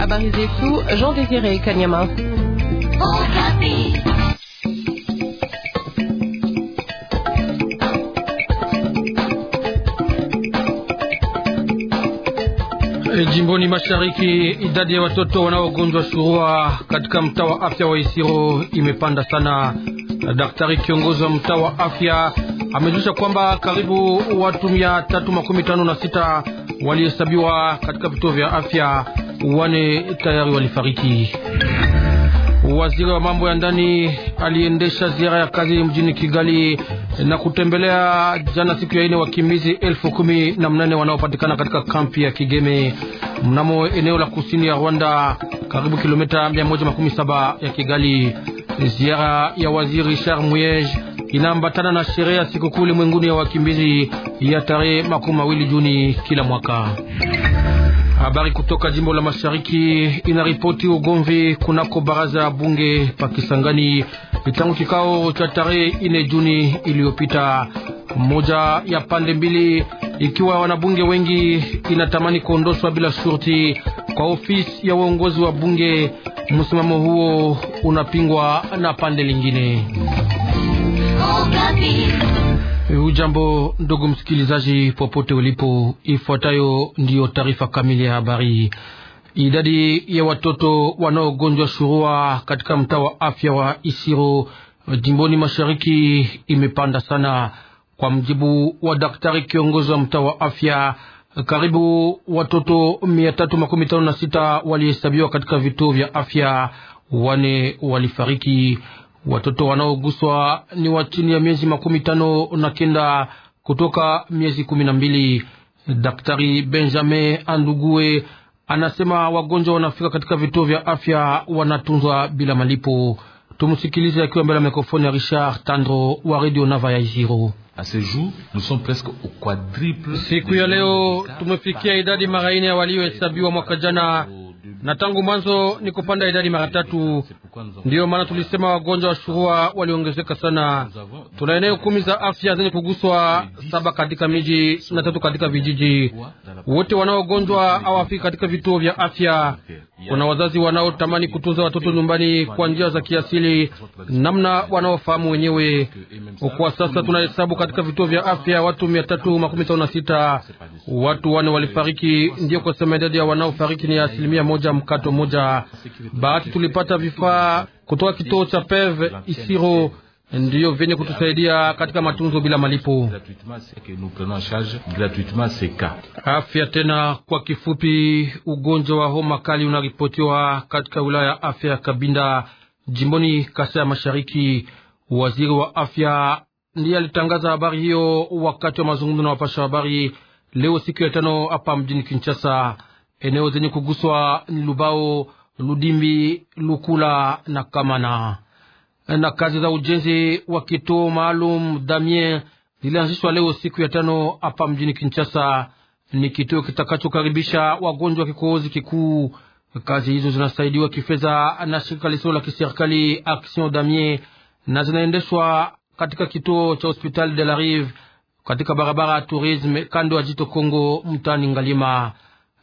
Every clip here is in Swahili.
Habari zetu Jean Desire Kanyama. Okapi. Eh, jimboni mashariki idadi ya watoto wanaogonjwa surua katika mtaa wa afya wa Isiro imepanda sana. Daktari kiongozi wa mtaa wa afya amejulisha kwamba karibu watu mia tatu makumi tano na sita waliohesabiwa katika vituo vya afya wane tayari walifariki. Waziri wa mambo ya ndani aliendesha ziara ya kazi mjini Kigali na kutembelea jana siku ya ine wakimbizi elfu kumi na mnane wanaopatikana katika kampi ya Kigeme mnamo eneo la kusini ya Rwanda, karibu kilomita saba ya Kigali. Ziara ya waziri Richard Muyege inaambatana na sherehe ya sikukuu ulimwenguni ya wakimbizi ya tarehe makumi mawili Juni kila mwaka. Habari kutoka jimbo la mashariki inaripoti ugomvi kunako baraza ya bunge pakisangani tangu kikao cha tarehe ine Juni iliyopita. Moja ya pande mbili ikiwa wanabunge wengi inatamani kuondoshwa bila shurti kwa ofisi ya uongozi wa bunge. Msimamo huo unapingwa na pande lingine. Eh, ujambo ndugu msikilizaji, popote ulipo, ifuatayo ndiyo taarifa kamili ya habari. Idadi ya watoto wanaogonjwa shurua katika mtaa wa afya wa Isiro jimboni mashariki imepanda sana. Kwa mjibu wa daktari kiongozi wa mtaa wa afya, karibu watoto 356 walihesabiwa katika vituo vya afya, wane walifariki. Watoto wanaoguswa ni wa chini ya miezi makumi tano na kenda kutoka miezi kumi na mbili. Daktari Benjamin Andugue anasema wagonjwa wanafika katika vituo vya afya wanatunzwa bila malipo. Tumsikilize akiwa mbele ya mikrofoni ya Richard Tandro wa Radio Nava ya Iziro. Siku ya leo tumefikia idadi mara ine ya waliohesabiwa mwaka jana na tangu mwanzo ni kupanda idadi mara tatu. Ndiyo maana tulisema wagonjwa wa shurua waliongezeka sana. Tuna eneo kumi za afya zenye kuguswa, saba katika miji na tatu katika vijiji. Wote wanaogonjwa hawafiki katika vituo vya afya. Kuna wazazi wanaotamani kutunza watoto nyumbani kwa njia za kiasili, namna wanaofahamu wenyewe. Kwa sasa tunahesabu katika vituo vya afya watu mia tatu makumi tano na sita watu wane walifariki, ndiyo kusema idadi ya wanaofariki ni asilimia moja mkato moja. Bahati tulipata vifaa kutoka kituo cha PEV Isiro ndiyo vyenye kutusaidia katika matunzo bila malipo. Afya tena kwa kifupi, ugonjwa wa homa kali unaripotiwa katika wilaya ya afya ya Kabinda jimboni Kasai ya Mashariki. Waziri wa afya ndiye alitangaza habari hiyo wakati wa mazungumzo na wapasha habari leo siku ya tano hapa mjini Kinshasa. Eneo zenye kuguswa ni Lubao, Ludimbi, Lukula na Kamana na kazi za ujenzi wa kituo maalum Damien zilianzishwa leo siku ya tano hapa mjini Kinshasa. Ni kituo kitakachokaribisha wagonjwa wa kikohozi kikuu. Kazi hizo zinasaidiwa kifedha na shirika lisilo la kiserikali Action Damien na zinaendeshwa katika kituo cha hospitali de la Rive katika barabara ya Tourisme kando ya jito Congo mtaani Ngalima.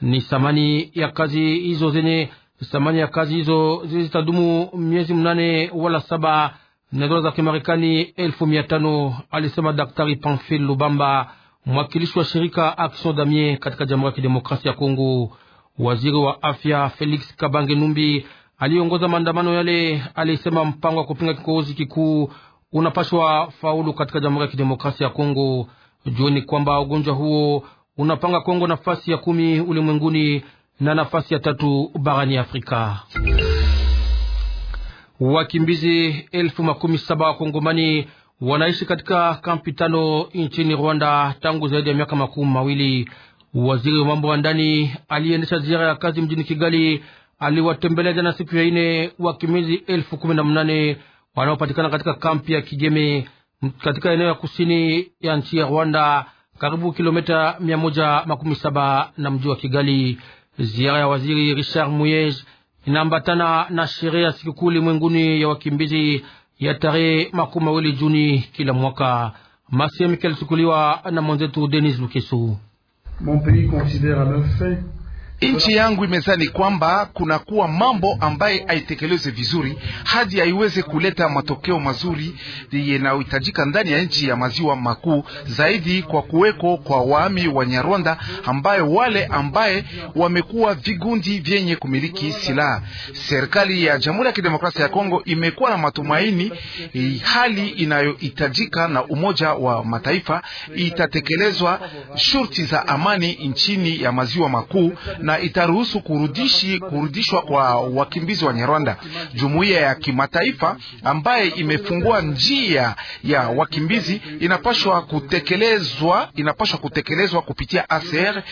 Ni thamani ya kazi hizo zenye Thamani ya kazi hizo zitadumu miezi mnane wala saba na dola za Kimarekani elfu mia tano alisema Daktari Pamphile Lubamba, mwakilishi wa shirika Action Damier katika Jamhuri ya Kidemokrasia ya Kongo. Waziri wa afya Felix Kabange Numbi aliongoza maandamano yale, alisema mpango wa kupinga kikohozi kikuu unapashwa faulu katika Jamhuri ya Kidemokrasia ya Kongo. Jueni kwamba ugonjwa huo unapanga Kongo nafasi ya kumi ulimwenguni na nafasi ya tatu barani Afrika. Wakimbizi elfu makumi saba wakongomani wanaishi katika kampi tano nchini Rwanda tangu zaidi ya miaka makumi mawili. Waziri wa mambo wa ndani aliendesha ziara ya kazi mjini Kigali, aliwatembelea jana siku ya ine wakimbizi elfu kumi na mnane wanaopatikana katika kampi ya Kigeme katika eneo ya kusini ya nchi ya Rwanda, karibu kilomita mia moja makumi saba na mji wa Kigali. Ziara ya waziri Richard Muyej inaambatana na sherehe ya sikukuu ulimwenguni ya wakimbizi ya tarehe makumi mawili Juni kila mwaka. mikel yalichukuliwa na mwenzetu Denis Lukesu. Mon pays considère leur fait Nchi yangu imezani kwamba kunakuwa mambo ambaye haitekelezwe vizuri hadi haiweze kuleta matokeo mazuri yanayohitajika ndani ya nchi ya maziwa makuu, zaidi kwa kuweko kwa waami wa Nyarwanda ambayo wale ambaye wamekuwa vigundi vyenye kumiliki silaha. Serikali ya Jamhuri ya Kidemokrasia ya Kongo imekuwa na matumaini e, hali inayohitajika na Umoja wa Mataifa itatekelezwa shurti za amani nchini ya maziwa makuu na itaruhusu kurudishi kurudishwa kwa wakimbizi wa Nyarwanda. Jumuiya ya kimataifa ambaye imefungua njia ya wakimbizi inapashwa kutekelezwa, inapashwa kutekelezwa kupitia ACR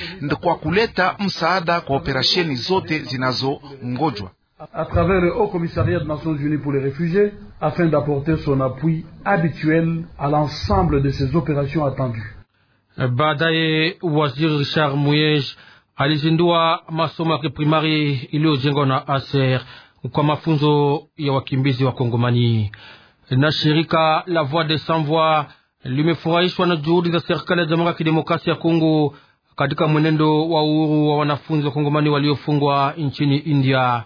kwa kuleta msaada kwa operasheni zote zinazongojwa à travers le Haut Commissariat des Nations Unies pour les réfugiés afin d'apporter son appui habituel à l'ensemble de ces opérations attendues. Baadaye waziri Richard Muyej alizindua masomo ya kiprimari iliyojengwa na ASER kwa mafunzo ya wakimbizi wa Kongomani. Na shirika la Voix des Sans Voix limefurahishwa na juhudi za serikali ya Jamhuri ya Kidemokrasia ya Kongo katika mwenendo wa uhuru wa wanafunzi wa Kongomani waliofungwa nchini India.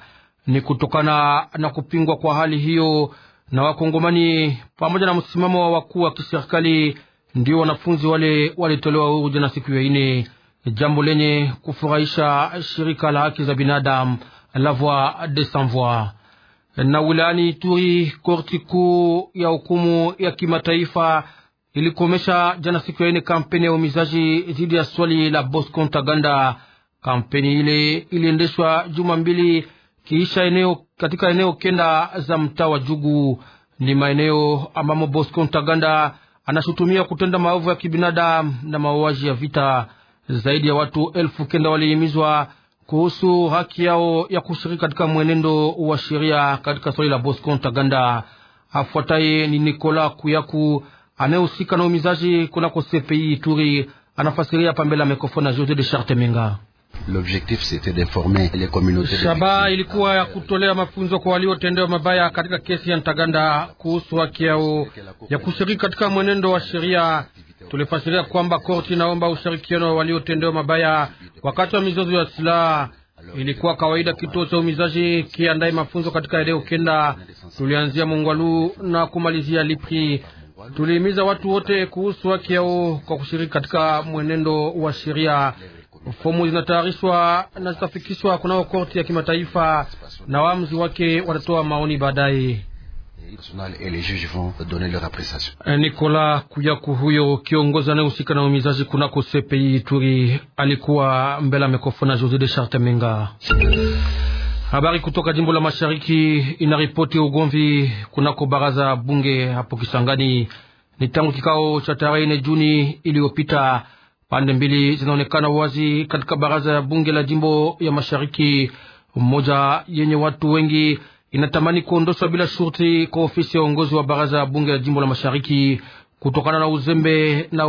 Ni kutokana na kupingwa kwa hali hiyo na Wakongomani pamoja na msimamo wa wakuu wa kiserikali, ndio wanafunzi wale walitolewa uhuru jana siku ya ine jambo lenye kufurahisha shirika la haki za binadamu la Voix des Sans Voix. Na wilayani Ituri, korti kuu ya hukumu ya kimataifa ilikomesha jana siku ya ine kampeni ya umizaji dhidi ya swali la Bosco Ntaganda. Kampeni ile iliendeshwa juma mbili kiisha eneo katika eneo kenda za mtaa wa Jugu. Ni maeneo ambamo Bosco Ntaganda anashutumia kutenda maovu ya kibinadamu na mauaji ya vita zaidi ya watu elfu kenda walihimizwa kuhusu haki yao ya kushiriki katika mwenendo wa sheria katika swali la Bosco Ntaganda. Afuataye ni Nikola Kuyaku anayehusika na umizaji kunako CPI Ituri, anafasiria pambele ya mikrofoni na Jose de Charte Menga. Shabaha ilikuwa ya kutolea mafunzo kwa waliotendewa mabaya katika kesi ya Ntaganda kuhusu haki yao ya kushiriki katika mwenendo wa sheria tulifasiria kwamba korti inaomba ushirikiano wa waliotendewa mabaya wakati wa mizozo ya silaha. Ilikuwa kawaida kituo cha umizaji kiandaye mafunzo katika eneo kenda. Tulianzia Mongwalu na kumalizia Lipri. Tulihimiza watu wote kuhusu haki yao kwa kushiriki katika mwenendo wa sheria. Fomu zinatayarishwa na zitafikishwa kunao korti ya kimataifa na waamuzi wake watatoa maoni baadaye. Eh, Nicolas Kuyaku huyo kiongozi anayehusika na umizaji kunako CPI Ituri alikuwa mbele ya mikrofoni ya Jose de Charte Menga. Habari kutoka jimbo la Mashariki inaripoti ugomvi kunako baraza bunge hapo Kisangani. Ni tangu kikao cha tarehe nne Juni iliyopita, pande mbili zinaonekana wazi katika baraza ya bunge la jimbo ya Mashariki, mmoja yenye watu wengi inatamani kuondoshwa bila shurti kwa ofisi ya uongozi wa baraza ya bunge la jimbo la Mashariki kutokana na uzembe na,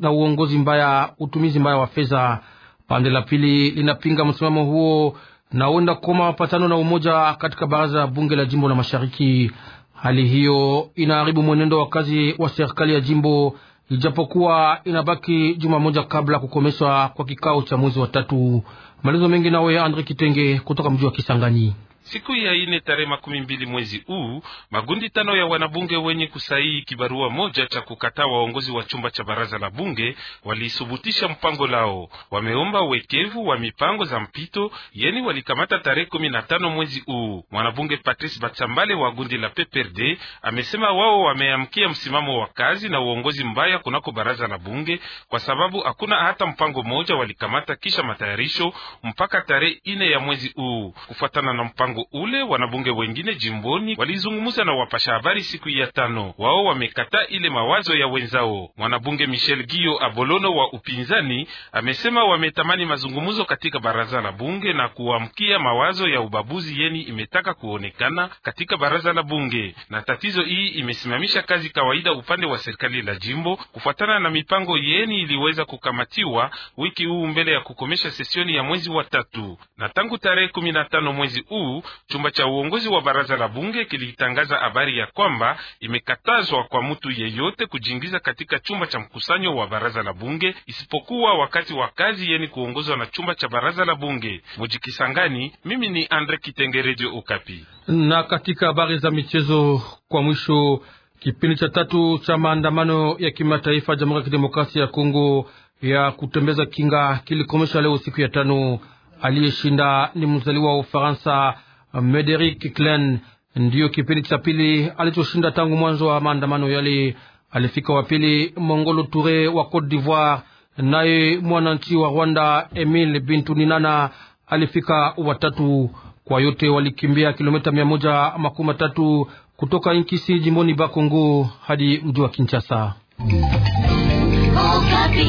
na uongozi mbaya, utumizi mbaya wa fedha. Pande la pili linapinga msimamo huo na huenda kukoma mapatano na umoja katika baraza ya bunge la jimbo la Mashariki. Hali hiyo inaharibu mwenendo wa kazi wa serikali ya jimbo, ijapokuwa inabaki juma moja kabla kukomeshwa kwa kikao cha mwezi wa tatu. Maelezo mengi nawe Andre Kitenge kutoka mji wa Kisangani. Siku ya ine tarehe makumi mbili mwezi huu, magundi tano ya wanabunge wenye kusaii kibarua moja cha kukataa waongozi wa chumba cha baraza la bunge walisubutisha mpango lao. Wameomba wekevu wa mipango za mpito yeni walikamata tarehe kumi na tano mwezi huu. Mwanabunge Patrice Batsambale wa gundi la PPRD amesema wao wameamkia msimamo wa kazi na uongozi mbaya kunako baraza la bunge, kwa sababu hakuna hata mpango moja walikamata kisha matayarisho mpaka tarehe ine ya mwezi huu kufuatana na mpango mpango ule, wanabunge wengine jimboni walizungumza na wapasha habari siku ya tano. Wao wamekata ile mawazo ya wenzao. Mwanabunge Michel Gio Abolono wa upinzani amesema wametamani mazungumzo katika baraza la bunge na kuamkia mawazo ya ubabuzi yeni imetaka kuonekana katika baraza la bunge, na tatizo hii imesimamisha kazi kawaida upande wa serikali la jimbo kufuatana na mipango yeni iliweza kukamatiwa wiki huu mbele ya kukomesha sesioni ya mwezi wa tatu na tangu tarehe kumi na tano mwezi huu chumba cha uongozi wa baraza la bunge kilitangaza habari ya kwamba imekatazwa kwa mtu yeyote kujiingiza katika chumba cha mkusanyo wa baraza la bunge isipokuwa wakati wa kazi yeni kuongozwa na chumba cha baraza la bunge mujikisangani. Mimi ni Andre Kitenge, Ukapi. Na katika habari za michezo kwa mwisho, kipindi cha tatu cha maandamano ya kimataifa Jamhuri ya Kidemokrasia ya Kongo ya kutembeza kinga kilikomesha leo siku ya tano. Aliyeshinda ni mzaliwa wa Ufaransa Mederick Klein ndiyo kipindi cha pili alichoshinda tangu mwanzo wa maandamano yale. Alifika wa pili Mongolo ture wa Cote d'Ivoire, naye mwananchi wa Rwanda Emile Bintu Ninana alifika watatu. Kwa yote walikimbia kilomita mia moja makumi tatu kutoka Inkisi jimboni Bakongo hadi mji wa Kinshasa. Okapi.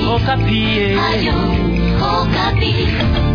Oh, Okapi. Oh, eh. Ayo, Okapi. Oh,